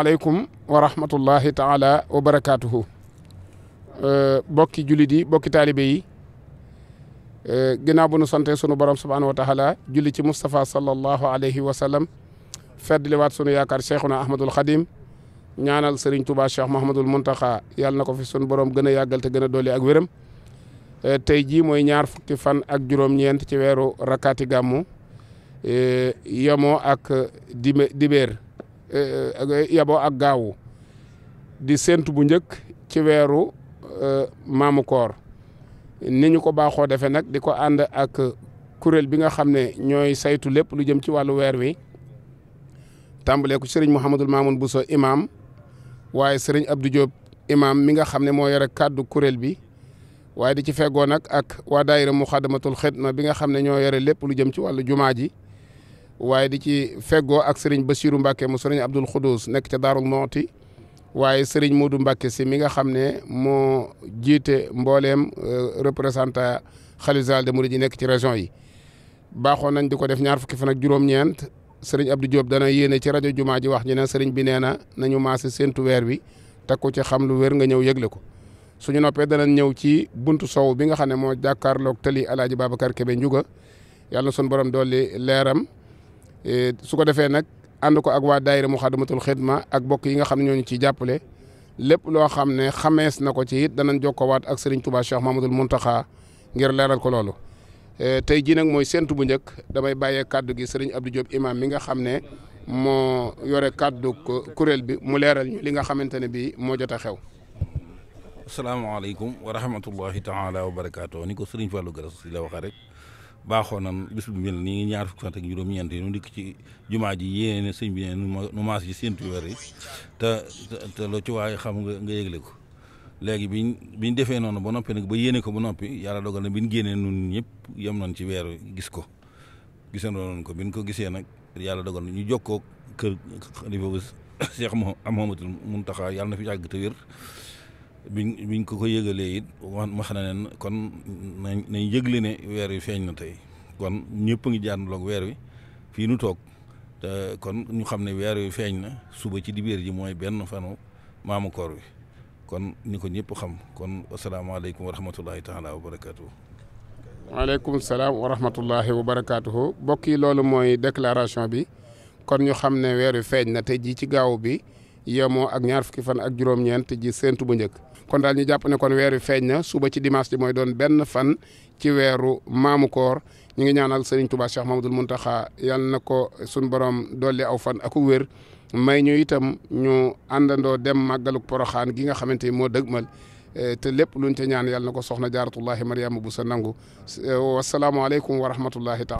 aleykum wa rahmatullahi taala wa barakaatuhu euh, bokki jullit yi bokki taalibe yi euh, ginnaaw bu nu sante sunu borom subhaanahu wa taala julli ci Moustapha sallallahu alayhi wa sallam feddliwaat sunu yaakaar cheikhuna ahmadul xadim ñaanal sëriñ Touba cheikh Mouhamadul Mountakha yàlla na ko fi sunu borom gën a yàggal te gën a ak wéram euh, tey jii mooy ñaar fukki fan ak juróom-ñeent ci weeru rakkaati gàmmu yemoo ak dibéer Eh, yaboo ak gaaw di séentu bu njëkk ci weeru eh, maamu koor ni ñu ko baaxoo defee nag di ko ànd ak kuréel bi nga xam ne ñooy saytu lépp lu jëm ci wàllu weer wi tàmbalee ko sëriñ Mouhamadul bu Bousso imaam waaye sëriñ Abdou Diop imaam mi nga xam ne moo yore kàddu kuréel bi waaye di ci feggoo nag ak waa daayira Muxaddamatul Xidma bi nga xam ne ñoo yore lépp lu jëm ci wàllu jumaa ji waaye di ci feggoo ak sëriñ Bassirou Mbacke mu sëriñ Abdoul Khoudous nekk ca Darou Mouhty waaye sëriñ Modou mbakke si mi nga xam ne moo jiite mbooleem euh, représentant xalifa général mu mourides yi nekk ci région yi baaxoon nañ di ko def ñaar fukki fan ak juróom-ñeent sëriñ Abdou Diop dana yéene ci rajo jumaa ji wax ñu ne sëriñ bi nee na nañu maase séntu weer wi te ku ci xam lu wér nga ñëw yëgle ko suñu noppee danañ ñëw ci bunt soow bi nga xam ne moo jàkkaarloog tali Alaaji Babacar Kebe Ndiouga yàlla na sunu borom leeram Eh, su ko defee nag ànd ko ak waa daayira Muxaddamatul Xidma ak bokk yi nga xam ne ñooñu ciy jàppale lépp loo xam ne xamees na ko ci it danañ jokkoowaat ak Serigne Touba Cheikh mun Muntaxa ngir leeral ko loolu. Eh, tey jii nag mooy séntu bu njëkk damay bàyyee kàddu gi Serigne Abdou Diop imam mi nga xam ne moo yore kàddu kuréel bi mu leeral ñu li nga xamante ne bii moo jot a xew. asalaamaaleykum wa rahmatullahi taala wa barakaatu ni ko Serigne Fallou Garas di la waxee rek. baaxoo nan bis bu mel nii ñaar fukki fan ak juróom-ñeent yi nu dikk ci jumaa ji yéene sëñ bi ne nu maas yi séentu weer yi te te loo nga nga yëgle ko léegi biñ biñ defee noonu ba noppi nag ba yéene ko ba noppi yàlla dogal na biñ génnee nun ñëpp yem nañ ci weer gis ko gisandoo noon ko biñ ko gisee nag yàlla dogal na ñu jokkoo kër xalifa bu Cheikh Mouhamadoul Mountakha yàlla na fi yàgg te biñ biñ ko ko yëgalee it wax na ne kon nañ nañ yëgle ne weer wi feeñ na tey kon ñëpp a ngi jaanloog weer wi fii nu toog kon ñu xam ne weer wi feeñ na suba ci dibéer ji mooy benn fanu maamu koor wi kon ni ko ñëpp xam kon asalaamaaleykum wa rahmatullahi taala wa barakaatu. waaleykum salaam wa rahmatullahi wa barakaatu. mbokk yi loolu mooy déclaration bi kon ñu xam ne weer wi feeñ na tey jii ci gaaw bi. yemoo ak ñaar fukki fan ak juróom-ñeent ji séentu bu njëkk kon daal ñu jàpp ne kon weer wi na suba ci dimanche mooy doon benn fan ci weeru maamu koor ñu ngi ñaanal Serigne Touba Cheikh Mamadul Muntaxa yal na ko suñ borom dolli aw fan ak wér may ñu itam ñu àndandoo dem poro xaan gi nga xamante ni moo dëgmal eh, te lépp luñ ca ñaan yal na ko soxna jaaratullahi Mariama bu sa nangu wasalaamualeykum eh, wa rahmatullahi taala